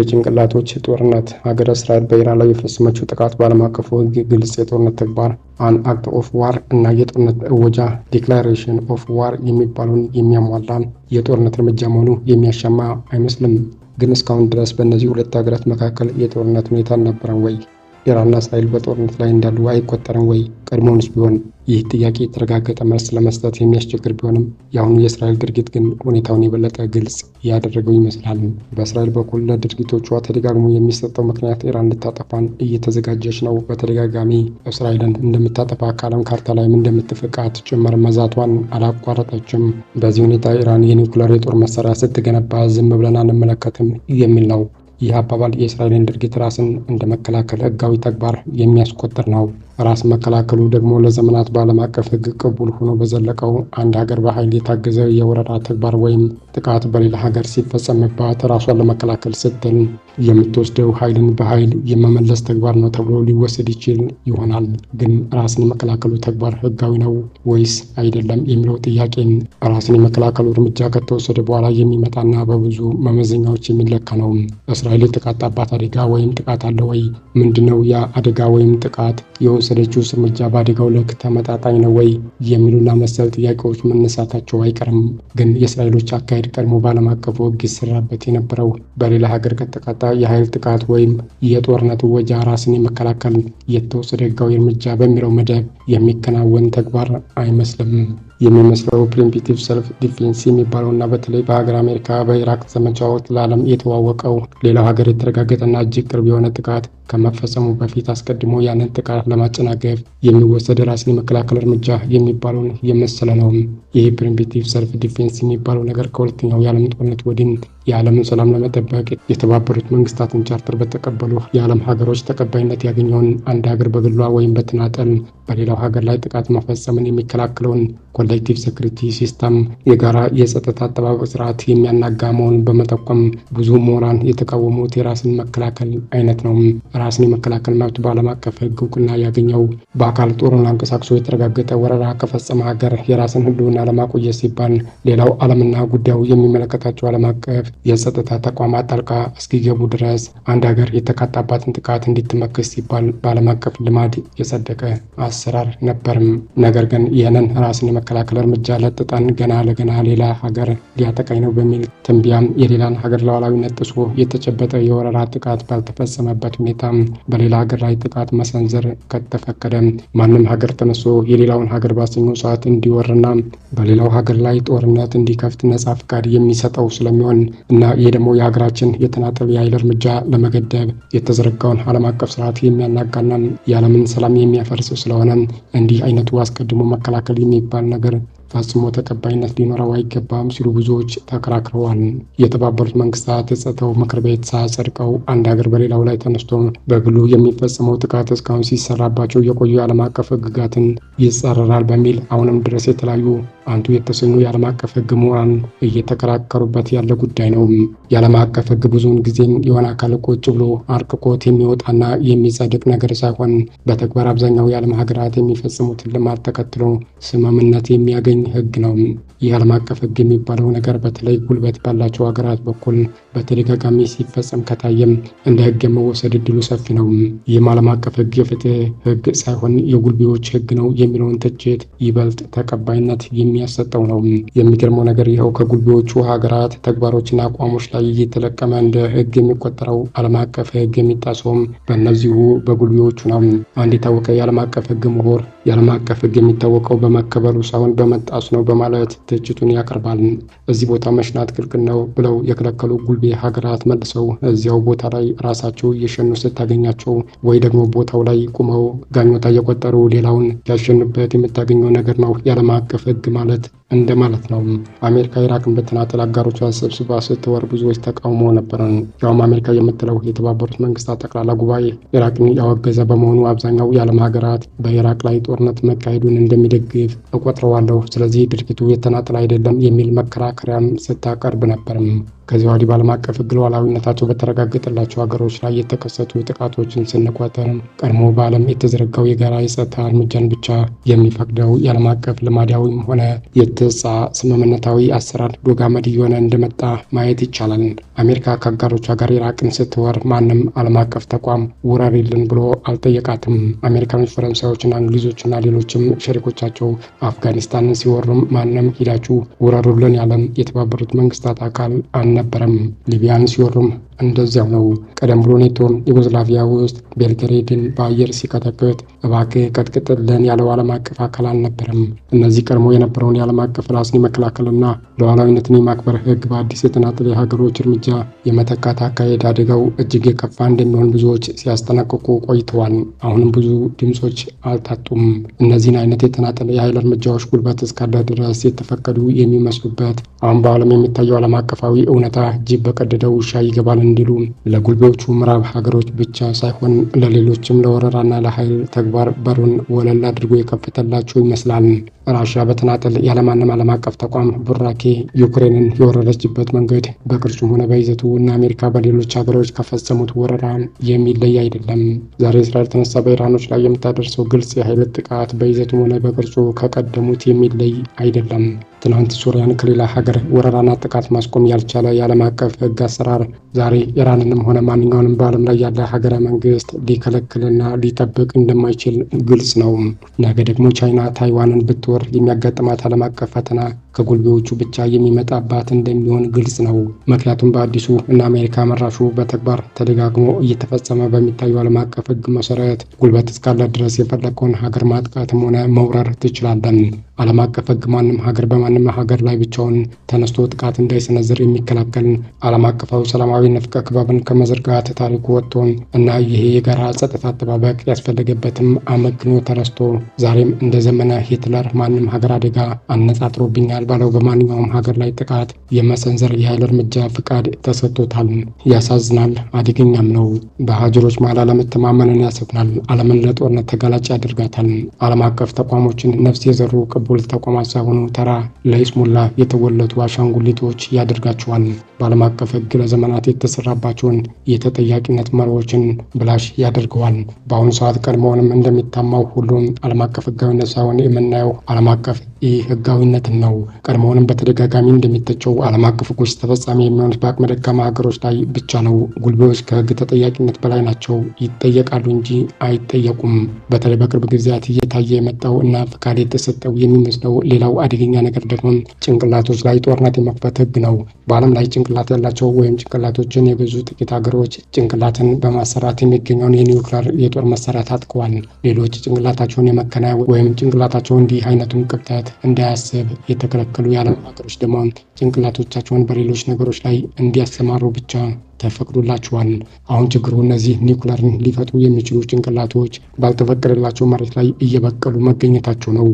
የጭንቅላቶች ጦርነት ሀገረ እስራኤል በኢራን ላይ የፈጸመችው ጥቃት በዓለም አቀፉ ሕግ ግልጽ የጦርነት ተግባር አን አክት ኦፍ ዋር እና የጦርነት እወጃ ዲክላሬሽን ኦፍ ዋር የሚባለውን የሚያሟላ የጦርነት እርምጃ መሆኑ የሚያሻማ አይመስልም። ግን እስካሁን ድረስ በእነዚህ ሁለት ሀገራት መካከል የጦርነት ሁኔታ አልነበረም ወይ? ኢራንና እስራኤል በጦርነት ላይ እንዳሉ አይቆጠርም ወይ? ቀድሞውንስ ቢሆን ይህ ጥያቄ የተረጋገጠ መልስ ለመስጠት የሚያስቸግር ቢሆንም የአሁኑ የእስራኤል ድርጊት ግን ሁኔታውን የበለጠ ግልጽ ያደረገው ይመስላል። በእስራኤል በኩል ለድርጊቶቿ ተደጋግሞ የሚሰጠው ምክንያት ኢራን ልታጠፋን እየተዘጋጀች ነው፣ በተደጋጋሚ እስራኤልን እንደምታጠፋ ከዓለም ካርታ ላይም እንደምትፍቃት ጭምር መዛቷን አላቋረጠችም። በዚህ ሁኔታ ኢራን የኒውክለር የጦር መሳሪያ ስትገነባ ዝም ብለን አንመለከትም የሚል ነው። ይህ አባባል የእስራኤልን ድርጊት ራስን እንደ መከላከል ተግባር የሚያስቆጥር ነው። ራስ መከላከሉ ደግሞ ለዘመናት በዓለም አቀፍ ሕግ ቅቡል ሆኖ በዘለቀው አንድ ሀገር በኃይል የታገዘ የወረራ ተግባር ወይም ጥቃት በሌላ ሀገር ሲፈጸምባት ራሷን ለመከላከል ስትል የምትወስደው ኃይልን በኃይል የመመለስ ተግባር ነው ተብሎ ሊወሰድ ይችል ይሆናል። ግን ራስን የመከላከሉ ተግባር ሕጋዊ ነው ወይስ አይደለም የሚለው ጥያቄን ራስን የመከላከሉ እርምጃ ከተወሰደ በኋላ የሚመጣና በብዙ መመዘኛዎች የሚለካ ነው። እስራኤል የተቃጣባት አደጋ ወይም ጥቃት አለ ወይ? ምንድነው ያ አደጋ ወይም ጥቃት የወሰ የወሰደችውስ እርምጃ በአደጋው ልክ ተመጣጣኝ ነው ወይ የሚሉና መሰል ጥያቄዎች መነሳታቸው አይቀርም። ግን የእስራኤሎች አካሄድ ቀድሞ በዓለም አቀፉ ሕግ ይሰራበት የነበረው በሌላ ሀገር ከተቃጣ የኃይል ጥቃት ወይም የጦርነት ወጃ ራስን የመከላከል የተወሰደ ሕጋዊ እርምጃ በሚለው መደብ የሚከናወን ተግባር አይመስልም። የሚመስለው ፕሪምፒቲቭ ሰልፍ ዲፌንስ የሚባለውና በተለይ በሀገር አሜሪካ በኢራቅ ዘመቻዎች ለዓለም የተዋወቀው ሌላው ሀገር የተረጋገጠና እጅግ ቅርብ የሆነ ጥቃት ከመፈጸሙ በፊት አስቀድሞ ያንን ጥቃት ለማጨ ለማጨናገፍ የሚወሰድ ራስን የመከላከል እርምጃ የሚባለውን የመሰለ ነው። ይህ ፕሪምቲቭ ሰልፍ ዲፌንስ የሚባለው ነገር ከሁለተኛው የዓለም ጦርነት ወዲህ የዓለምን ሰላም ለመጠበቅ የተባበሩት መንግስታትን ቻርተር በተቀበሉ የዓለም ሀገሮች ተቀባይነት ያገኘውን አንድ ሀገር በግሏ ወይም በተናጠል በሌላው ሀገር ላይ ጥቃት መፈጸምን የሚከላከለውን ኮሌክቲቭ ሴኩሪቲ ሲስተም የጋራ የጸጥታ አጠባበቅ ስርዓት የሚያናጋ መሆኑን በመጠቆም ብዙ ምሁራን የተቃወሙት የራስን መከላከል አይነት ነው። ራስን የመከላከል መብት በዓለም አቀፍ ሕግ እውቅና ያገኘው በአካል ጦሩን አንቀሳቅሶ የተረጋገጠ ወረራ ከፈጸመ ሀገር የራስን ሕልውና ለማቆየት ሲባል ሌላው ዓለምና ጉዳዩ የሚመለከታቸው ዓለም አቀፍ የጸጥታ ተቋማት ጣልቃ እስኪገቡ ድረስ አንድ ሀገር የተቃጣባትን ጥቃት እንዲትመክስ ሲባል በዓለም አቀፍ ልማድ የጸደቀ አሰራር ነበርም። ነገር ግን ይህንን ራስን የመከላከል እርምጃ ለጥጠን ገና ለገና ሌላ ሀገር ሊያጠቃኝ ነው በሚል ትንቢያም የሌላን ሀገር ሉዓላዊነት ጥሶ የተጨበጠ የወረራ ጥቃት ባልተፈጸመበት ሁኔታ በሌላ ሀገር ላይ ጥቃት መሰንዘር ከተፈቀደ ማንም ሀገር ተነሶ የሌላውን ሀገር ባሰኘው ሰዓት እንዲወርና በሌላው ሀገር ላይ ጦርነት እንዲከፍት ነጻ ፍቃድ የሚሰጠው ስለሚሆን እና ይህ ደግሞ የሀገራችን የተናጠል የኃይል እርምጃ ለመገደብ የተዘረጋውን ዓለም አቀፍ ስርዓት የሚያናጋና የዓለምን ሰላም የሚያፈርስ ስለሆነ እንዲህ አይነቱ አስቀድሞ መከላከል የሚባል ነገር ፈጽሞ ተቀባይነት ሊኖረው አይገባም ሲሉ ብዙዎች ተከራክረዋል። የተባበሩት መንግስታት የጸጥታው ምክር ቤት ሳያጸድቀው አንድ ሀገር በሌላው ላይ ተነስቶ በግሉ የሚፈጸመው ጥቃት እስካሁን ሲሰራባቸው የቆዩ የዓለም አቀፍ ህግጋትን ይጸረራል በሚል አሁንም ድረስ የተለያዩ አንቱ የተሰኙ የዓለም አቀፍ ህግ ምሁራን እየተከራከሩበት ያለ ጉዳይ ነው። የዓለም አቀፍ ህግ ብዙውን ጊዜም የሆነ አካል ቁጭ ብሎ አርቅቆት የሚወጣና የሚጸድቅ ነገር ሳይሆን በተግባር አብዛኛው የዓለም ሀገራት የሚፈጽሙትን ልማት ተከትሎ ስምምነት የሚያገኝ የሚገኝ ህግ ነው። ይህ ዓለም አቀፍ ህግ የሚባለው ነገር በተለይ ጉልበት ባላቸው ሀገራት በኩል በተደጋጋሚ ሲፈጸም ከታየም እንደ ህግ የመወሰድ እድሉ ሰፊ ነው። ይህም ዓለም አቀፍ ህግ የፍትህ ህግ ሳይሆን የጉልቤዎች ህግ ነው የሚለውን ትችት ይበልጥ ተቀባይነት የሚያሰጠው ነው። የሚገርመው ነገር ይኸው ከጉልቤዎቹ ሀገራት ተግባሮችና አቋሞች ላይ እየተለቀመ እንደ ህግ የሚቆጠረው ዓለም አቀፍ ህግ የሚጣሰውም በእነዚሁ በጉልቤዎቹ ነው። አንድ የታወቀ የዓለም አቀፍ ህግ ምሁር የዓለም አቀፍ ህግ የሚታወቀው በመከበሩ ሳይሆን በመጠ እየተጣሱ ነው በማለት ትችቱን ያቀርባል። እዚህ ቦታ መሽናት ክልክል ነው ብለው የከለከሉ ጉልቤ ሀገራት መልሰው እዚያው ቦታ ላይ ራሳቸው እየሸኑ ስታገኛቸው ወይ ደግሞ ቦታው ላይ ቁመው ጋኞታ እየቆጠሩ ሌላውን ያሸኑበት የምታገኘው ነገር ነው። የዓለም አቀፍ ሕግ ማለት እንደማለት ነው። አሜሪካ ኢራቅን በተናጠል አጋሮቿ ሰብስባ ስትወር ብዙዎች ተቃውሞ ነበረን። ያውም አሜሪካ የምትለው የተባበሩት መንግስታት ጠቅላላ ጉባኤ ኢራቅን ያወገዘ በመሆኑ አብዛኛው የዓለም ሀገራት በኢራቅ ላይ ጦርነት መካሄዱን እንደሚደግፍ እቆጥረዋለሁ። ስለዚህ ድርጊቱ የተናጠል አይደለም የሚል መከራከሪያም ስታቀርብ ነበርም። ከዚያ ወዲህ በዓለም አቀፍ ሕግ ሉዓላዊነታቸው በተረጋገጠላቸው ሀገሮች ላይ የተከሰቱ ጥቃቶችን ስንቆጠርም ቀድሞ በዓለም የተዘረጋው የጋራ የጸጥታ እርምጃን ብቻ የሚፈቅደው የዓለም አቀፍ ልማዳዊም ሆነ የትጻ ስምምነታዊ አሰራር ዶጋመድ እየሆነ እንደመጣ ማየት ይቻላል። አሜሪካ ከአጋሮቿ ጋር ኢራቅን ስትወር ማንም ዓለም አቀፍ ተቋም ውረሪልን ብሎ አልጠየቃትም። አሜሪካኖች፣ ፈረንሳዮችና እንግሊዞችና ሌሎችም ሸሪኮቻቸው አፍጋኒስታንን ሲወሩም ማንም ሂዳችሁ ውረሩልን ያለም የተባበሩት መንግስታት አካል አነ አልነበረም ሊቢያን ሲወሩም እንደዚያው ነው። ቀደም ብሎ ኔቶ ዩጎዝላቪያ ውስጥ ቤልግሬድን በአየር ሲቀጠቅጥ እባክህ ቀጥቅጥልን ያለው ዓለም አቀፍ አካል አልነበረም። እነዚህ ቀድሞ የነበረውን የዓለም አቀፍ ራስን የመከላከልና ሉዓላዊነትን የማክበር ህግ በአዲስ የተናጠለ የሀገሮች እርምጃ የመተካት አካሄድ አደጋው እጅግ የከፋ እንደሚሆን ብዙዎች ሲያስጠነቅቁ ቆይተዋል። አሁንም ብዙ ድምፆች አልታጡም። እነዚህን አይነት የተናጠለ የኃይል እርምጃዎች ጉልበት እስካለ ድረስ የተፈቀዱ የሚመስሉበት አሁን በዓለም የሚታየው ዓለም አቀፋዊ እውነታ ጅብ በቀደደው ውሻ ይገባል እንዲሉ ለጉልቤዎቹ ምዕራብ ሀገሮች ብቻ ሳይሆን ለሌሎችም ለወረራና ለኃይል ተግባር በሩን ወለል አድርጎ የከፈተላቸው ይመስላል። ራሽያ በተናጠል ያለማንም ዓለም አቀፍ ተቋም ቡራኬ ዩክሬንን የወረረችበት መንገድ በቅርጹም ሆነ በይዘቱ እና አሜሪካ በሌሎች ሀገሮች ከፈጸሙት ወረራ የሚለይ አይደለም። ዛሬ እስራኤል ተነሳ በኢራኖች ላይ የምታደርሰው ግልጽ የኃይል ጥቃት በይዘቱም ሆነ በቅርጹ ከቀደሙት የሚለይ አይደለም። ትናንት ሱሪያን ከሌላ ሀገር ወረራና ጥቃት ማስቆም ያልቻለ የዓለም አቀፍ ሕግ አሰራር ዛሬ ኢራንንም ሆነ ማንኛውንም በዓለም ላይ ያለ ሀገረ መንግስት ሊከለክልና ሊጠብቅ እንደማይችል ግልጽ ነው። ነገ ደግሞ ቻይና ታይዋንን ብትወር የሚያጋጥማት ዓለም አቀፍ ፈተና ከጉልቤዎቹ ብቻ የሚመጣባት እንደሚሆን ግልጽ ነው። ምክንያቱም በአዲሱ እና አሜሪካ መራሹ በተግባር ተደጋግሞ እየተፈጸመ በሚታዩ ዓለም አቀፍ ሕግ መሰረት ጉልበት እስካለ ድረስ የፈለገውን ሀገር ማጥቃትም ሆነ መውረር ትችላለን። ዓለም አቀፍ ሕግ ማንም ሀገር በማንም ሀገር ላይ ብቻውን ተነስቶ ጥቃት እንዳይሰነዝር የሚከላከል ዓለም አቀፋዊ ሰላማዊ ንፍቀ ክበብን ከመዘርጋት ታሪኩ ወጥቶን እና ይሄ የጋራ ጸጥታ አጠባበቅ ያስፈለገበትም አመክንዮ ተረስቶ ዛሬም እንደ ዘመነ ሂትለር ማንም ሀገር አደጋ አነጣጥሮብኛል ይገኛል ባለው በማንኛውም ሀገር ላይ ጥቃት የመሰንዘር የኃይል እርምጃ ፍቃድ ተሰጥቶታል። ያሳዝናል፣ አደገኛም ነው። በሀጅሮች መሀል አለመተማመንን ያሰፍናል፣ ዓለምን ለጦርነት ተጋላጭ ያደርጋታል። ዓለም አቀፍ ተቋሞችን ነፍስ የዘሩ ቅቡል ተቋማት ሳይሆኑ ተራ ለይስሙላ የተወለቱ አሻንጉሊቶች ያደርጋቸዋል። በዓለም አቀፍ ሕግ ለዘመናት የተሰራባቸውን የተጠያቂነት መርሆችን ብላሽ ያደርገዋል። በአሁኑ ሰዓት ቀድሞውንም እንደሚታማው ሁሉም ዓለም አቀፍ ሕጋዊነት ሳይሆን የምናየው ዓለም አቀፍ ይህ ህጋዊነት ነው። ቀድሞውንም በተደጋጋሚ እንደሚተቸው ዓለም አቀፍ ሕጎች ተፈጻሚ የሚሆኑት በአቅመ ደካማ ሀገሮች ላይ ብቻ ነው። ጉልቤዎች ከህግ ተጠያቂነት በላይ ናቸው፣ ይጠየቃሉ እንጂ አይጠየቁም። በተለይ በቅርብ ጊዜያት እየታየ የመጣው እና ፈቃድ የተሰጠው የሚመስለው ሌላው አደገኛ ነገር ደግሞ ጭንቅላቶች ላይ ጦርነት የመክፈት ህግ ነው። በዓለም ላይ ጭንቅላት ያላቸው ወይም ጭንቅላቶችን የገዙ ጥቂት ሀገሮች ጭንቅላትን በማሰራት የሚገኘውን የኒውክሌር የጦር መሳሪያ ታጥቀዋል። ሌሎች ጭንቅላታቸውን የመከናያ ወይም ጭንቅላታቸው እንዲህ አይነቱን ቅብጠት እንዳያስብ የተከለከሉ የዓለም ሀገሮች ደግሞ ጭንቅላቶቻቸውን በሌሎች ነገሮች ላይ እንዲያሰማሩ ብቻ ተፈቅዶላቸዋል። አሁን ችግሩ እነዚህ ኒኩለርን ሊፈጥሩ የሚችሉ ጭንቅላቶች ባልተፈቀደላቸው መሬት ላይ እየበቀሉ መገኘታቸው ነው።